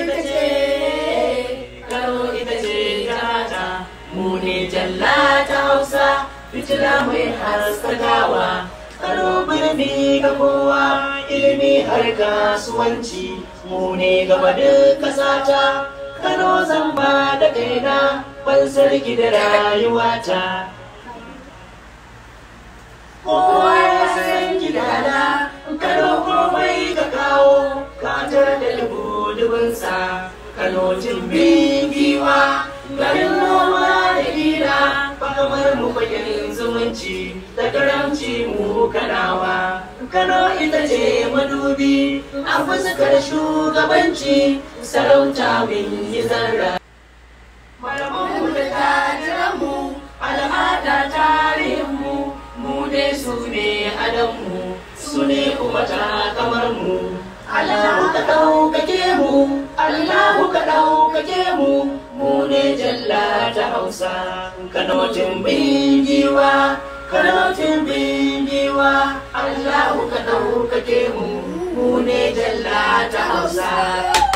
ita ce Kano ita ce jata mu ne jalla ta Hausa fitila mai haskakawa Kano birni ga kowa ilimi har kasuwanci Mune ne gaba duk kasata Kano zan ba da ban sarki da rayuwata dubinsa kano bingiwa giwa garin noma da gida kamar mu fagen zumunci da karamci mu kanawa kano ita ce madubi a fuskar shugabanci sarauta min yi zarra malamanmu da tajiranmu al'ada tarihinmu mu dai su ne adanmu su ne kuma ta kamar mu Allahu ka ɗaukake mu mu ne jalla ta hausa kanotin bingiwa kanotin bingiwa Allahu ka ɗaukake mu mu ne jalla ta hausa